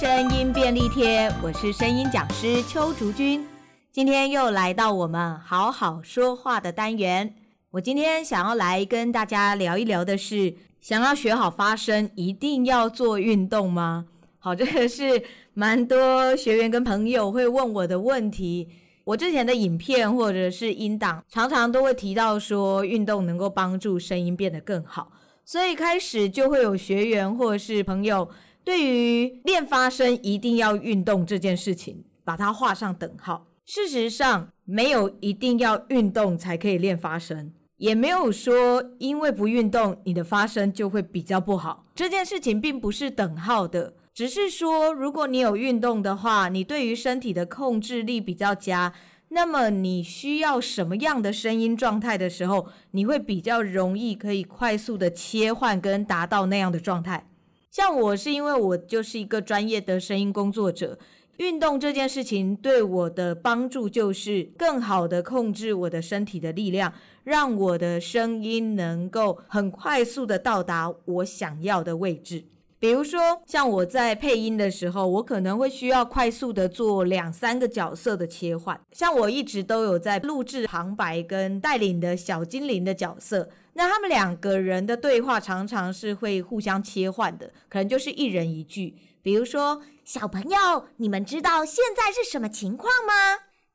聲音便利貼，我是聲音講師邱竹君，今天又來到我們好好說話的單元。我今天想要來跟大家聊一聊的是，想要學好發聲，一定要做運動嗎？好，這個是蠻多學員跟朋友會問我的問題。我之前的影片或者是音檔，常常都會提到說，運動能夠幫助聲音變得更好，所以開始就會有學員或者是朋友，對於練發聲一定要運動這件事情，把它畫上等號。事實上，沒有一定要運動才可以練發聲，也沒有說因為不運動你的發聲就會比較不好。這件事情並不是等號的，只是說如果你有運動的話，你對於身體的控制力比較佳，那麼你需要什麼樣的聲音狀態的時候，你會比較容易可以快速的切換跟達到那樣的狀態。像我是因為我就是一個專業的聲音工作者，運動這件事情對我的幫助就是更好的控制我的身體的力量，讓我的聲音能夠很快速的到達我想要的位置。比如說，像我在配音的時候，我可能會需要快速的做兩三個角色的切換。像我一直都有在錄製旁白跟帶領的小精靈的角色。那他們兩個人的對話常常是會互相切換的，可能就是一人一句。比如說，小朋友，你們知道現在是什麼情況嗎？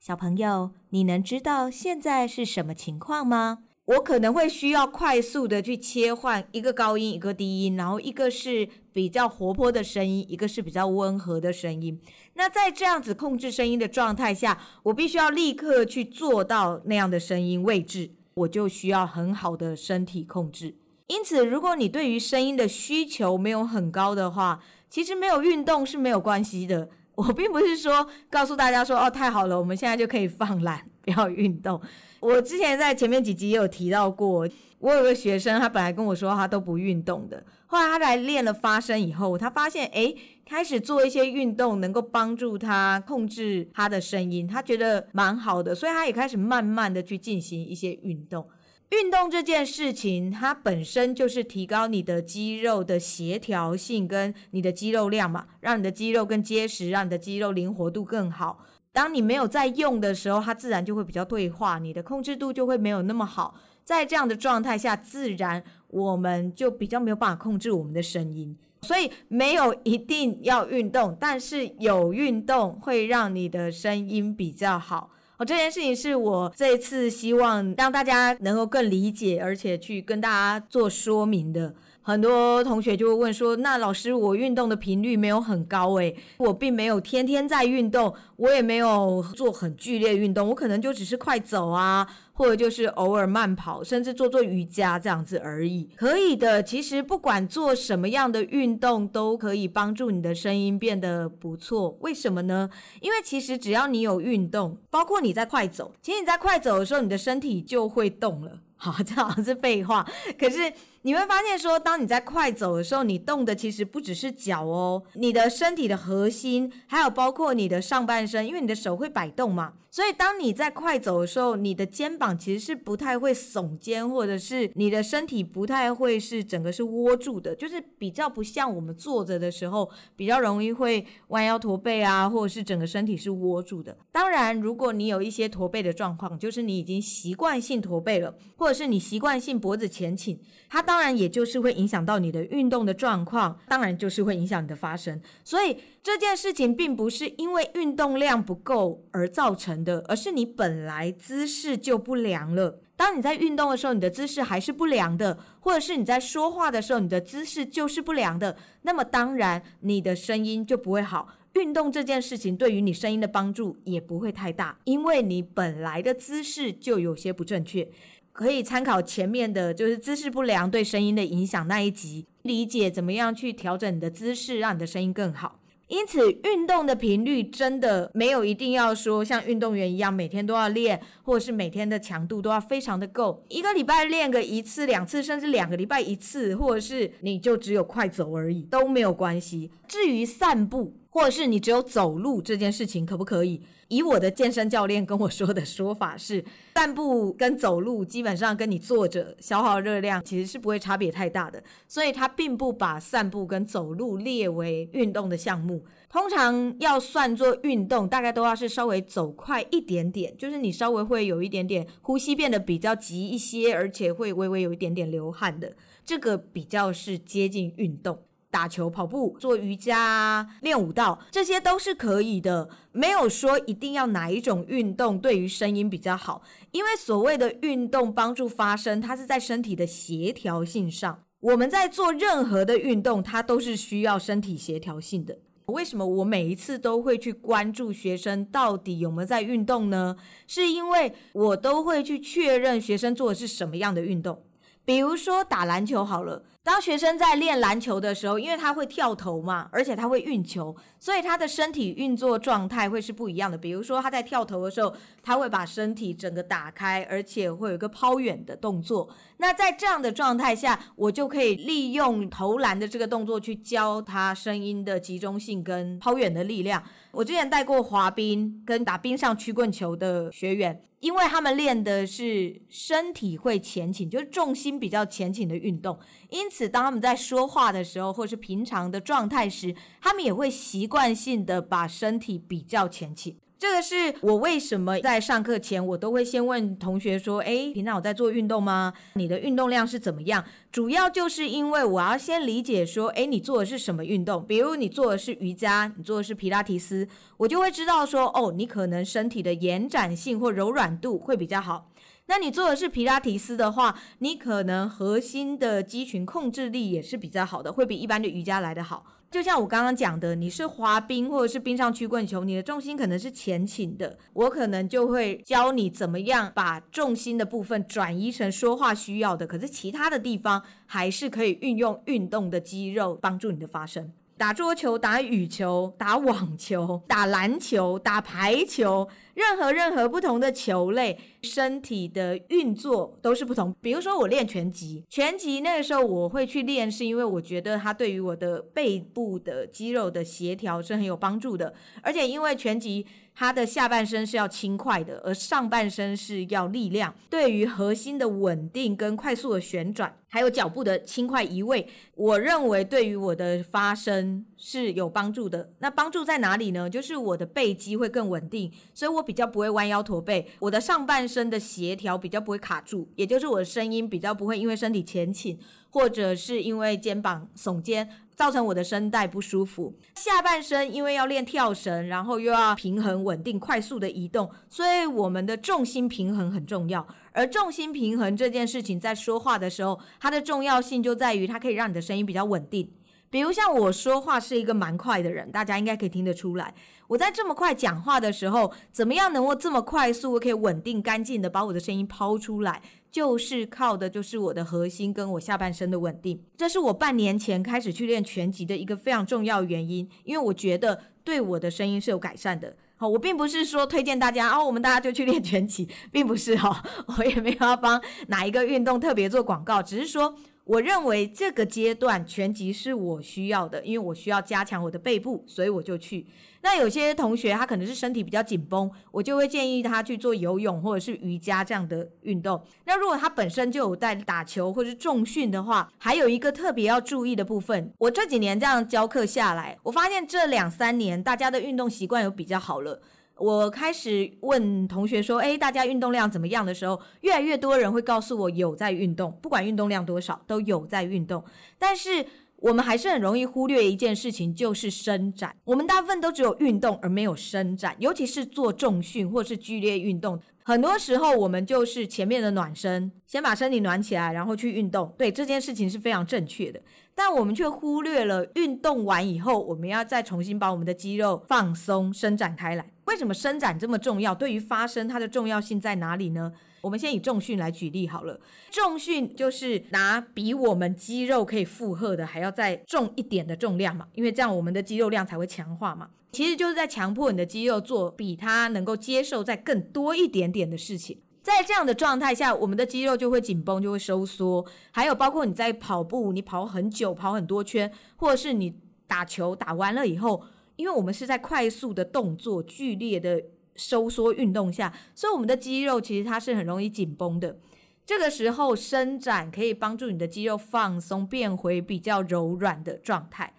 小朋友，你能知道現在是什麼情況嗎？我可能會需要快速的去切換一個高音，一個低音，然後一個是比較活潑的聲音，一個是比較溫和的聲音。那在這樣子控制聲音的狀態下，我必須要立刻去做到那樣的聲音位置。我就需要很好的身體控制。因此，如果你對於聲音的需求沒有很高的話，其實沒有運動是沒有關係的。我並不是說告訴大家說哦，太好了，我們現在就可以放懶，不要運動。我之前在前面幾集也有提到過。我有個學生，他本來跟我說他都不運動的，後來他來練了發聲以後，他發現哎，開始做一些運動能夠幫助他控制他的聲音，他覺得蠻好的，所以他也開始慢慢的去進行一些運動。運動這件事情，它本身就是提高你的肌肉的協調性跟你的肌肉量嘛，讓你的肌肉更結實，讓你的肌肉靈活度更好。當你沒有在用的時候，它自然就會比較退化，你的控制度就會沒有那麼好。在這樣的狀態下，自然我們就比較沒有辦法控制我們的聲音。所以沒有一定要運動，但是有運動會讓你的聲音比較好。哦，這件事情是我這一次希望讓大家能夠更理解，而且去跟大家做說明的。很多同學就會問說：“那老師，我運動的頻率沒有很高誒，我並沒有天天在運動，我也沒有做很劇烈運動，我可能就只是快走啊。”或者就是偶爾慢跑，甚至做做瑜伽這樣子而已，可以的。其實不管做什麼樣的運動，都可以幫助你的聲音變得不錯。為什麼呢？因為其實只要你有運動，包括你在快走，其實你在快走的時候，你的身體就會動了。好，這好像是廢話，可是你會發現說，當你在快走的時候，你動的其實不只是腳哦，你的身體的核心，還有包括你的上半身，因為你的手會擺動嘛。所以當你在快走的時候，你的肩膀。其實是不太會聳肩，或者是你的身體不太會是整個是窩住的，就是比較不像我們坐着的時候比較容易會彎腰駝背啊，或者是整個身體是窩住的。當然，如果你有一些駝背的狀況，就是你已經習慣性駝背了，或者是你習慣性脖子前傾，它當然也就是會影響到你的運動的狀況，當然就是會影響你的發聲。所以這件事情並不是因為運動量不夠而造成的，而是你本來姿勢就不不良了。當你在運動的時候，你的姿勢還是不良的，或者是你在說話的時候，你的姿勢就是不良的。那麼當然，你的聲音就不會好。運動這件事情對於你聲音的幫助也不會太大，因為你本來的姿勢就有些不正確。可以參考前面的，就是姿勢不良對聲音的影響那一集，理解怎麼樣去調整你的姿勢，讓你的聲音更好。因此，運動的頻率真的沒有一定要說像運動員一樣每天都要練，或者是每天的強度都要非常的夠。一個禮拜練個一次、兩次，甚至兩個禮拜一次，或者是你就只有快走而已，都沒有關係。至於散步。或者是你只有走路這件事情可不可以？以我的健身教練跟我說的說法是，散步跟走路基本上跟你坐着消耗熱量其實是不會差別太大的，所以他並不把散步跟走路列為運動的項目。通常要算作運動，大概都要是稍微走快一點點，就是你稍微會有一點點呼吸變得比較急一些，而且會微微有一點點流汗的，這個比較是接近運動。打球、跑步、做瑜伽、練舞蹈，這些都是可以的，沒有說一定要哪一種運動對於聲音比較好。因為所謂的運動幫助發聲，它是在身體的協調性上。我們在做任何的運動，它都是需要身體協調性的。為什麼我每一次都會去關注學生到底有沒有在運動呢？是因為我都會去確認學生做的是什麼樣的運動，比如說打籃球好了。當學生在練籃球的時候，因為他會跳投嘛，而且他會運球，所以他的身體運作狀態會是不一樣的。比如說他在跳投的時候，他會把身體整個打開，而且會有一個拋遠的動作。那在這樣的狀態下，我就可以利用投籃的這個動作去教他聲音的集中性跟拋遠的力量。我之前帶過滑冰跟打冰上曲棍球的學員。因為他們練的是身體會前傾，就是重心比較前傾的運動，因此當他們在說話的時候，或是平常的狀態時，他們也會習慣性的把身體比較前傾。這個是我為什麼在上課前，我都會先問同學說，哎，平常我在做運動嗎？你的運動量是怎麼樣？主要就是因為我要先理解說，哎，你做的是什麼運動？比如你做的是瑜伽，你做的是皮拉提斯，我就會知道說，哦，你可能身體的延展性或柔軟度會比較好。那你做的是皮拉提斯的話，你可能核心的肌群控制力也是比較好的，會比一般的瑜伽來得好。就像我剛剛講的，你是滑冰或者是冰上曲棍球，你的重心可能是前傾的，我可能就會教你怎麼樣把重心的部分轉移成說話需要的，可是其他的地方還是可以運用運動的肌肉幫助你的發聲。打桌球、打羽球、打網球、打籃球、打排球。任何任何不同的球類，身體的運作都是不同。比如說，我練拳擊，拳擊那個時候我會去練，是因為我覺得它對於我的背部的肌肉的協調是很有幫助的。而且，因為拳擊它的下半身是要輕快的，而上半身是要力量，對於核心的穩定跟快速的旋轉，還有腳步的輕快移位，我認為對於我的發聲。是有幫助的。那幫助在哪裡呢？就是我的背肌會更穩定，所以我比較不會彎腰駝背。我的上半身的協調比較不會卡住，也就是我的聲音比較不會因為身體前傾或者是因為肩膀聳肩造成我的聲帶不舒服。下半身因為要練跳繩，然後又要平衡、穩定、快速的移動，所以我們的重心平衡很重要。而重心平衡這件事情在說話的時候，它的重要性就在於它可以讓你的聲音比較穩定。比如像我說話是一個蠻快的人，大家應該可以聽得出來。我在這麼快講話的時候，怎麼樣能夠這麼快速可以穩定乾淨的把我的聲音拋出來，就是靠的，就是我的核心跟我下半身的穩定。這是我半年前開始去練拳擊的一個非常重要原因，因為我覺得對我的聲音是有改善的。好，我並不是說推薦大家，哦，我們大家就去練拳擊，並不是哈、哦，我也沒有要幫哪一個運動特別做廣告，只是說，我認為這個階段拳擊是我需要的，因為我需要加強我的背部，所以我就去。那有些同學他可能是身體比較緊繃，我就會建議他去做游泳或者是瑜伽這樣的運動。那如果他本身就有在打球或是重訓的話，還有一個特別要注意的部分。我這幾年這樣教課下來，我發現這兩三年大家的運動習慣有比較好了。我開始問同學說：“哎，大家運動量怎麼樣的時候，越來越多人會告訴我有在運動，不管運動量多少，都有在運動。但是我們還是很容易忽略一件事情，就是伸展。我們大部分都只有運動而沒有伸展，尤其是做重訓或是劇烈運動，很多時候我們就是前面的暖身，先把身體暖起來，然後去運動。對，這件事情是非常正確的。”但我們卻忽略了運動完以後，我們要再重新把我們的肌肉放鬆、伸展開來。為什麼伸展這麼重要？對於發聲，它的重要性在哪裡呢？我們先以重訓來舉例好了。重訓就是拿比我們肌肉可以負荷的還要再重一點的重量嘛，因為這樣我們的肌肉量才會強化嘛。其實就是在強迫你的肌肉做比它能夠接受再更多一點點的事情。在這樣的狀態下，我們的肌肉就會緊繃，就會收縮。還有包括你在跑步，你跑很久，跑很多圈，或者是你打球打完了以後，因為我們是在快速的動作、劇烈的收縮運動下，所以我們的肌肉其實它是很容易緊繃的。這個時候伸展可以幫助你的肌肉放鬆，變回比較柔軟的狀態。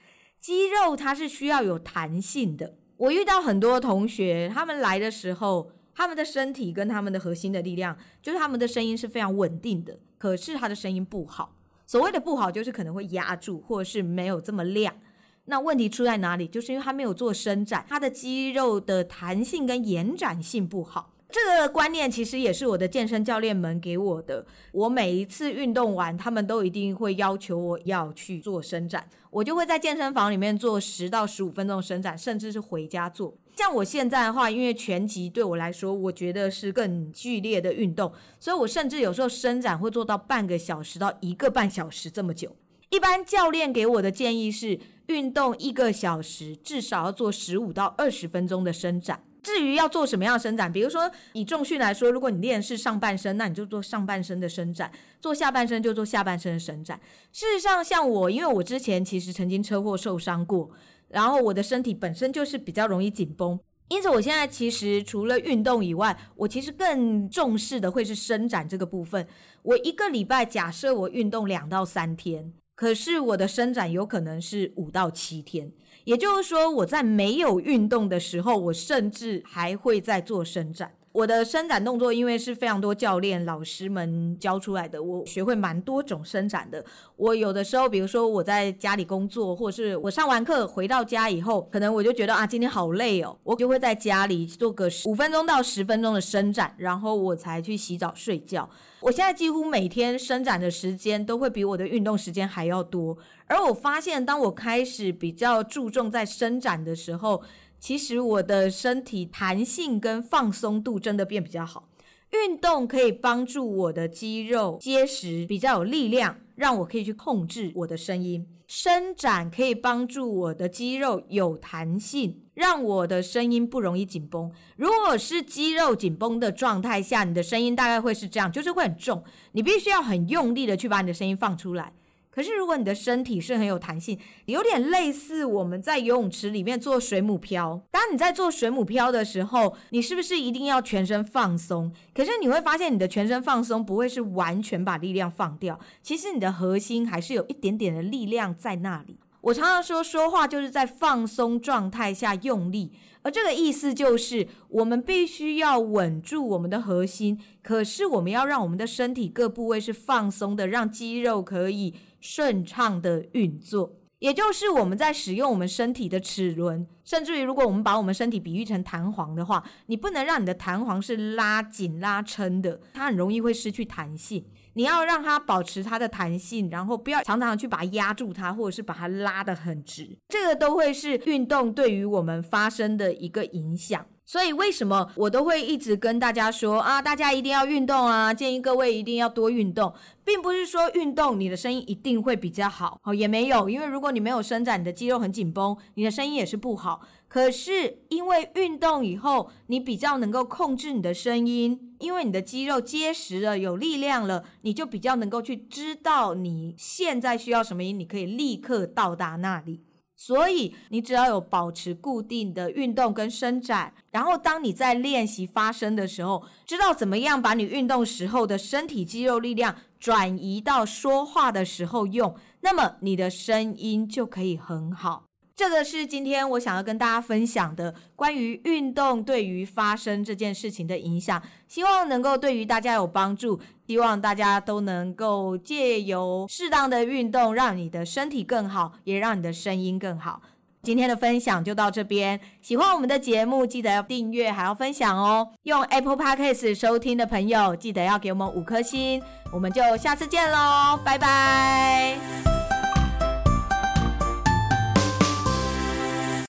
肌肉它是需要有彈性的。我遇到很多同學，他們來的時候，他們的身體跟他們的核心的力量，就是他們的聲音是非常穩定的。可是他的聲音不好，所謂的不好就是可能會壓住，或者是沒有這麼亮。那問題出在哪裡？就是因為他沒有做伸展，他的肌肉的彈性跟延展性不好。這個觀念其實也是我的健身教練們給我的。我每一次運動完，他們都一定會要求我要去做伸展，我就會在健身房裡面做十到十五分鐘的伸展，甚至是回家做。像我現在的話，因為拳擊對我來說，我覺得是更劇烈的運動，所以我甚至有時候伸展會做到半個小時到一個半小時這麼久。一般教練給我的建議是，運動一個小時至少要做十五到二十分鐘的伸展。至於要做什麼樣的伸展，比如說以重訓來說，如果你練的是上半身，那你就做上半身的伸展；做下半身就做下半身的伸展。事實上，像我，因為我之前其實曾經車禍受傷過。然後我的身體本身就是比較容易緊繃，因此我現在其實除了運動以外，我其實更重視的會是伸展這個部分。我一個禮拜假設我運動兩到三天，可是我的伸展有可能是五到七天，也就是說我在沒有運動的時候，我甚至還會再做伸展。我的伸展動作，因為是非常多教練老師們教出來的，我學會蠻多種伸展的。我有的時候，比如說我在家裡工作，或是我上完課回到家以後，可能我就覺得啊，今天好累哦，我就會在家裡做個五分鐘到十分鐘的伸展，然後我才去洗澡睡覺。我現在幾乎每天伸展的時間都會比我的運動時間還要多，而我發現，當我開始比較注重在伸展的時候。其實我的身體彈性跟放鬆度真的變比較好。運動可以幫助我的肌肉結實，比較有力量，讓我可以去控制我的聲音。伸展可以幫助我的肌肉有彈性，讓我的聲音不容易緊繃。如果是肌肉緊繃的狀態下，你的聲音大概會是這樣，就是會很重，你必須要很用力的去把你的聲音放出來。可是，如果你的身體是很有彈性，有點類似我們在游泳池裡面做水母漂。當你在做水母漂的時候，你是不是一定要全身放鬆？可是你會發現，你的全身放鬆不會是完全把力量放掉。其實你的核心還是有一點點的力量在那裡。我常常說，說話就是在放鬆狀態下用力，而這個意思就是我們必須要穩住我們的核心，可是我們要讓我們的身體各部位是放鬆的，讓肌肉可以順暢的運作，也就是我們在使用我們身體的齒輪，甚至於如果我們把我們身體比喻成彈簧的話，你不能讓你的彈簧是拉緊拉撐的，它很容易會失去彈性。你要讓它保持它的彈性，然後不要常常去把它壓住它，或者是把它拉得很直，這個都會是運動對於我們發聲的一個影響。所以為什麼我都會一直跟大家說啊？大家一定要運動啊！建議各位一定要多運動，並不是說運動你的聲音一定會比較好，好，也沒有。因為如果你沒有伸展，你的肌肉很緊繃，你的聲音也是不好。可是因為運動以後，你比較能夠控制你的聲音，因為你的肌肉結實了，有力量了，你就比較能夠去知道你現在需要什麼音，你可以立刻到達那裡。所以，你只要有保持固定的運動跟伸展，然後當你在練習發聲的時候，知道怎麼樣把你運動時候的身體肌肉力量轉移到說話的時候用，那麼你的聲音就可以很好。這個是今天我想要跟大家分享的關於運動對於發聲這件事情的影響，希望能夠對於大家有幫助，希望大家都能夠借由適當的運動，讓你的身體更好，也讓你的聲音更好。今天的分享就到這邊，喜歡我們的節目，記得要訂閱，還要分享哦。用 Apple Podcast 收聽的朋友，記得要給我們五顆星，我們就下次見嘍，拜拜。